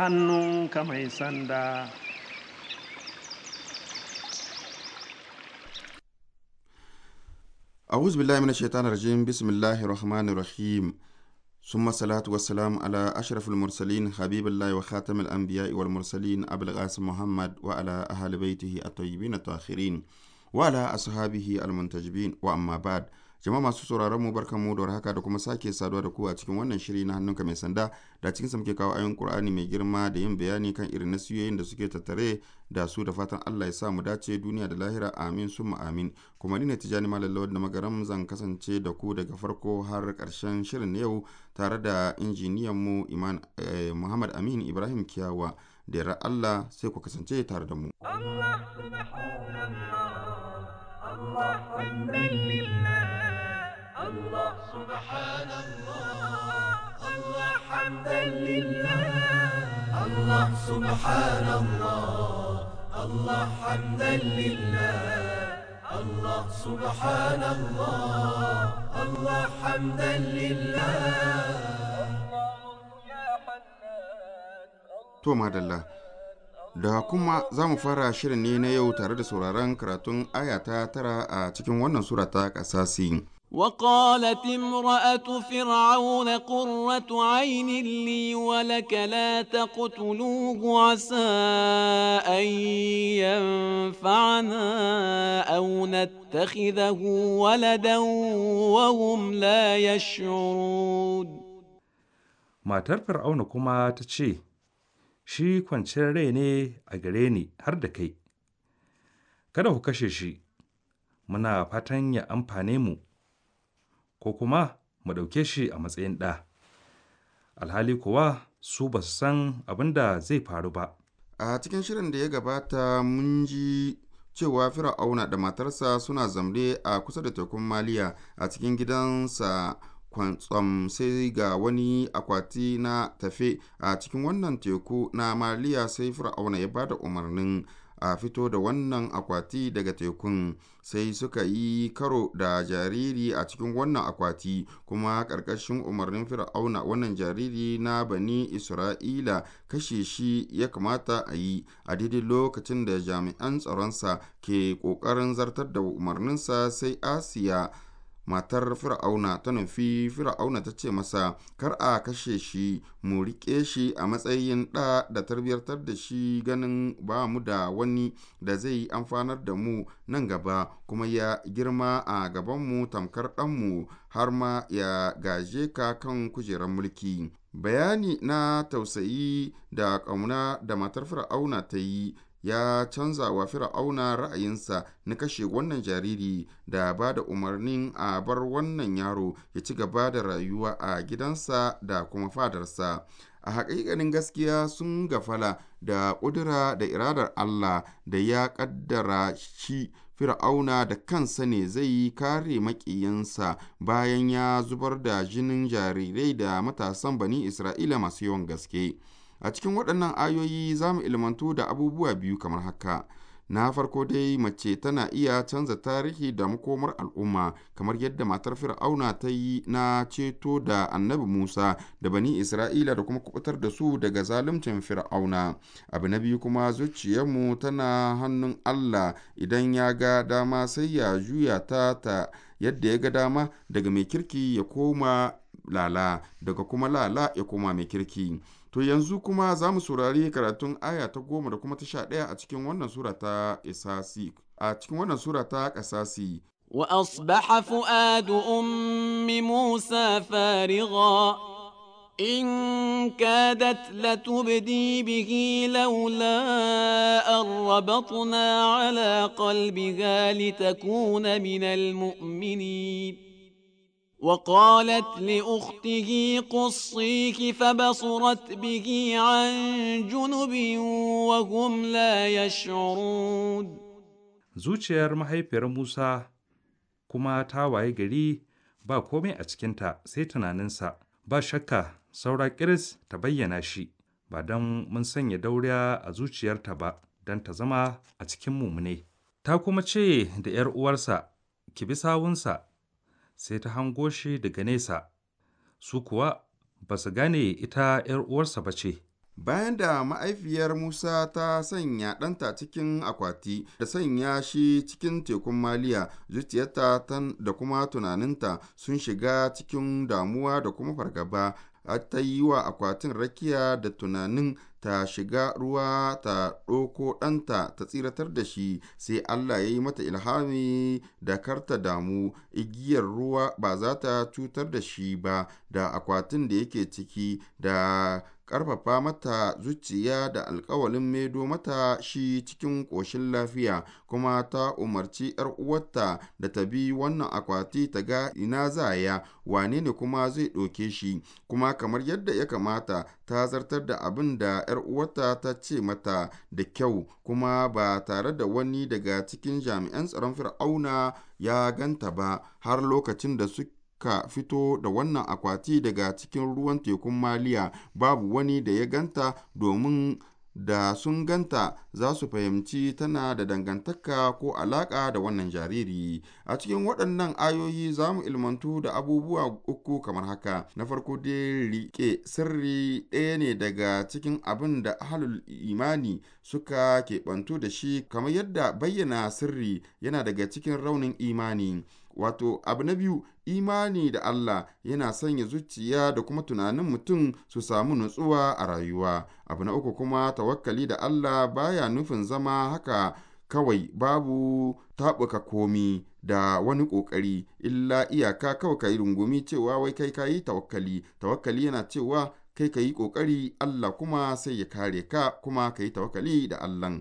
hannunka mai sanda. A'udhu mana minash shaitanir rajim bismillahir rahmanir rahim summa salatu wassalamu ala ashrafil mursalin habibillahi wa khatamil anbiya wal mursalin abul muhammad wa ala ahli baitihi a tayyibin at-tahirin wa ala ashabihi al-muntajibin wa amma ba'd jama'a masu sauraron mu barkan mu da haka da kuma sake saduwa da ku a cikin wannan shiri na hannunka mai sanda da cikin sa muke kawo ayoyin qur'ani mai girma da yin bayani kan irin nasiyoyin da suke tattare da su da fatan Allah ya sa mu dace duniya da lahira amin summa amin kuma ni ne tijani malallawa da magaram zan kasance da ku daga farko har karshen shirin yau tare da injiniyan mu iman eh, muhammad amin ibrahim kiyawa da ra Allah sai ku kasance tare da mu Allah subhanallah Allah الله سبحان الله الله حمدا لله الله سبحان الله الله حمدا لله الله سبحان الله الله حمدا لله To madalla, da kuma za mu fara shirin ne na yau tare da sauraron karatun aya tara a cikin wannan sura ta وقالت امرأة فرعون قرة عين لي ولك لا تقتلوه عسى أن ينفعنا أو نتخذه ولدا وهم لا يشعرون ما فرعون كما تشي شي kwanciyar rai ne a gare ni har da kai kada ku kashe shi muna fatan ya amfane mu ko kuma mu ɗauke shi a matsayin ɗa. Alhali kuwa su ba su san abin da zai faru ba. A cikin shirin da ya gabata mun ji cewa Fir'auna da matarsa suna zamle a kusa da tekun Maliya a cikin gidansa kwantsam sai ga wani akwati na tafe a cikin wannan teku na maliya sai fir'auna ya ba da umarnin a fito da wannan akwati daga tekun sai suka yi karo da jariri a cikin wannan akwati kuma ƙarƙashin umarnin fir'auna wannan jariri na bani isra'ila kashe shi ya kamata a yi a daidai lokacin da jami'an tsaronsa ke ƙoƙarin zartar da umarninsa sai asiya matar fir'auna ta nufi fir'auna ta ce masa kar a kashe shi mu riƙe shi a matsayin ɗa da tarbiyartar da shi ganin ba mu da wani da zai amfanar da mu nan gaba kuma ya girma a gabanmu tamkar ɗanmu har ma ya gaje ka kan kujerar mulki bayani na tausayi da ƙauna da matar fir'auna ta yi ya canza wa fir'auna ra'ayinsa na kashe wannan jariri da ba da umarnin a bar wannan yaro ya ci gaba da rayuwa a gidansa da kuma fadarsa a haƙiƙanin gaskiya sun gafala da ƙudura da iradar Allah da ya ƙaddara shi Fir'auna da kansa ne zai yi kare maƙiyansa bayan ya zubar da jinin jarirai da matasan bani Isra'ila masu yawan gaske. A cikin waɗannan ayoyi za mu ilmantu da abubuwa biyu kamar haka. Na farko dai mace tana iya canza tarihi da makomar al'umma kamar yadda matar Fir'auna ta yi na ceto da annabi Musa da bani Isra'ila da kuma kubutar da su daga zaluncin Fir'auna. Abu na biyu kuma zuciyarmu tana hannun Allah idan ya ga dama sai ya juya ta ta yadda ya ga dama daga mai kirki ya koma lala daga kuma lala ya koma mai kirki. To yanzu kuma za mu saurari karatun aya ta goma da kuma ta sha ɗaya a cikin wannan sura ta Isasi, a cikin wannan sura ta Ƙasasi. Wa asbaha fu'adu ummi Musa fariga in kadat latubdi bihi laula an rabatna ala qalbiha litakuna minal mu'minin. وقالت لأخته قصيك فبصرت به عن جنب وهم لا يشعرون زوجير mahaifiyar Musa kuma ta waye gari ba komai a cikinta sai tunaninsa ba shakka saura kiris ta bayyana shi ba don mun sanya dauriya a zuciyarta ba don ta zama a cikin mumune ta kuma ce da 'yar uwarsa ki bi sawunsa sai ta hango shi daga nesa, su kuwa ba su gane ita 'yar'uwarsa ba ce. bayan da ma'aifiyar Musa ta sanya ɗanta cikin akwati da sanya shi cikin tekun maliya zuciyarta da kuma tunaninta sun shiga cikin damuwa da kuma fargaba ta yi wa akwatin rakiya da tunanin ta shiga ruwa ta ɗoko ɗanta ta tsiratar da shi sai Allah ya yi mata ilhami da karta damu igiyar ruwa ba za ta cutar da shi ba da akwatin da yake ciki da karfafa mata zuciya da alkawalin maido mata shi cikin ƙoshin lafiya kuma ta umarci ‘yar uwarta da ta bi wannan akwati ta ga ina zaya wane ne kuma zai ɗauke shi kuma kamar yadda ya kamata ta zartar da abin da ‘yar uwarta ta ce mata da kyau kuma ba tare da wani daga cikin jami'an tsaron fir'auna ya ganta ba har lokacin da suke ka fito da wannan akwati daga cikin ruwan tekun maliya babu wani da ya ganta domin da sun ganta za su fahimci tana da dangantaka ko alaƙa da wannan jariri a cikin waɗannan ayoyi za mu ilmantu da abubuwa uku kamar haka na farko dai riƙe sirri ɗaya ne daga cikin abin da ahalul imani suka keɓantu da shi kamar yadda bayyana sirri yana daga cikin raunin imani wato abu na biyu imani da Allah yana sanya zuciya da kuma tunanin mutum su samu nutsuwa a rayuwa abu na uku kuma tawakkali da Allah baya nufin zama haka kawai babu taɓuka komi da wani ƙoƙari illa iyaka kawai ka yi rungumi cewa wai kai ka yi tawakkali tawakkali yana cewa kai ka yi ƙoƙari Allah kuma sai ya kare ka kuma ka yi tawakkali da Allah.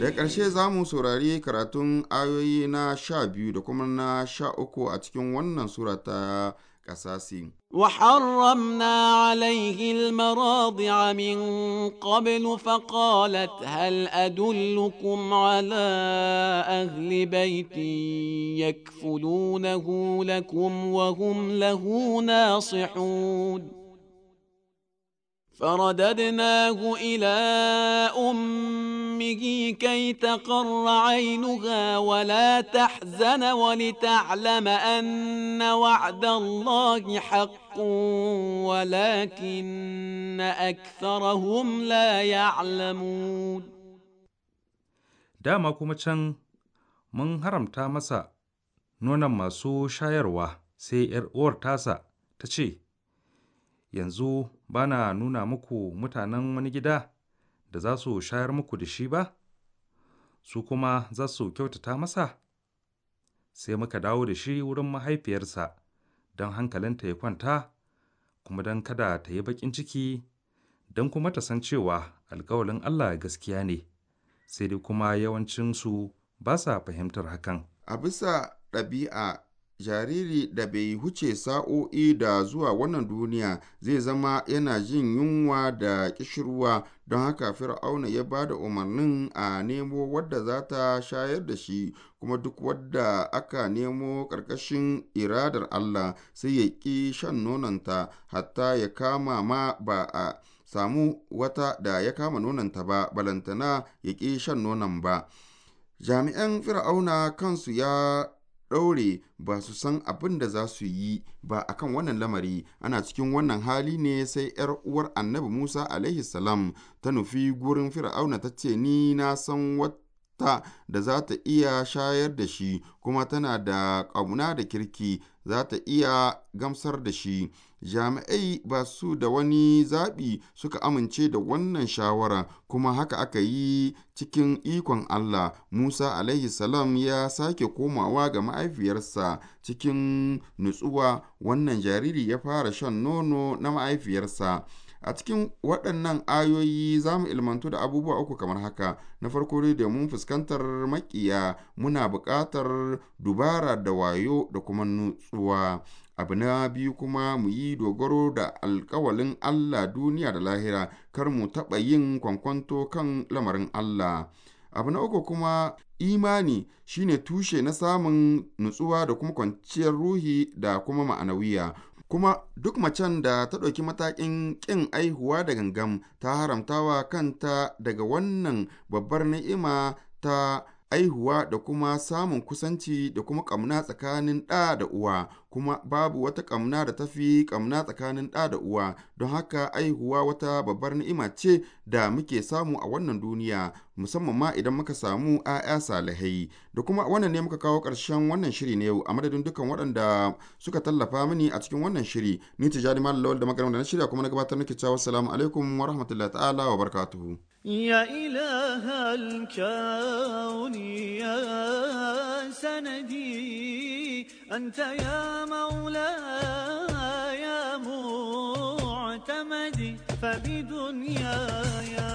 Da ƙarshe za mu saurari karatun ayoyi na sha biyu da kuma na sha uku a cikin wannan surata كساسي وحرمنا عليه المراضع من قبل فقالت هل أدلكم على أهل بيت يكفلونه لكم وهم له ناصحون فرددناه إلى أم أمه كي تقر عينها ولا تحزن ولتعلم أن وعد الله حق ولكن أكثرهم لا يعلمون dama kuma can mun haramta masa nonon masu shayarwa sai ‘yar uwar tasa ta ce, Yanzu bana nuna muku mutanen wani gida?’ da za su shayar muku da shi ba? Su kuma za su kyautata masa? Sai muka dawo da shi wurin mahaifiyarsa don hankalinta ya kwanta, kuma don kada ta yi baƙin ciki, don kuma ta san cewa alkawalin Allah gaskiya ne, sai dai kuma yawancinsu ba sa fahimtar hakan. A bisa ɗabi'a jariri da bai huce sa'o'i da zuwa wannan duniya zai zama yana jin yunwa da ƙishirwa don haka fir'auna ya ba da umarnin a nemo wadda za ta shayar da shi kuma duk wadda aka nemo ƙarƙashin iradar allah sai ya ƙi shan nononta hatta ya kama ma ba a samu wata da ya kama nononta ba balantana ya ƙi shan nonon ba jami'an fir'auna kansu ya ɗaure ba su san abin da za su yi ba akan wannan lamari ana cikin wannan hali ne sai yar uwar annabi musa alaihi salam ta nufi gurin fir'auna ta ce ni na san wata ta da za ta iya shayar da shi kuma tana da ƙauna da kirki za ta iya gamsar da shi jami'ai ba su da wani zaɓi suka amince da wannan shawara kuma haka aka yi cikin ikon Allah Musa alaihi salam ya sake komawa ga ma'aifiyarsa cikin nutsuwa wannan jariri ya fara shan nono na ma'aifiyarsa A cikin waɗannan ayoyi za mu ilmantu da abubuwa uku kamar haka, na farko dai mun fuskantar maƙiya muna buƙatar dubara da wayo da kuma nutsuwa. Abu na biyu kuma mu yi dogaro da alkawalin Allah duniya da lahira, kar mu taɓa yin kwankwanto kan lamarin Allah. Abu na uku kuma imani shine tushe na samun nutsuwa da kuma kwanciyar ruhi da kuma ma'anawiya. kuma duk macen da ta ɗauki matakin ƙin aihuwa da gangam ta haramtawa kanta daga wannan babbar ni'ima ta aihuwa da kuma samun kusanci da kuma ƙamna tsakanin ɗa da uwa kuma babu wata ƙamna da tafi ƙamna tsakanin ɗa da uwa don haka aihuwa wata babbar ni'ima ce da muke samu a wannan duniya musamman ma idan muka samu 'ya'ya salihai da kuma wannan ne muka kawo ƙarshen wannan shiri ne yau, a madadin dukkan waɗanda suka tallafa mini a cikin wannan shiri ni tijani malam lawal da magana da na shirya kuma na gabatar nake cewa assalamu alaikum wa rahmatullahi ta'ala wa barakatuhu يا إله الكون يا سندي أنت يا مولاي يا معتمدي فبدنياي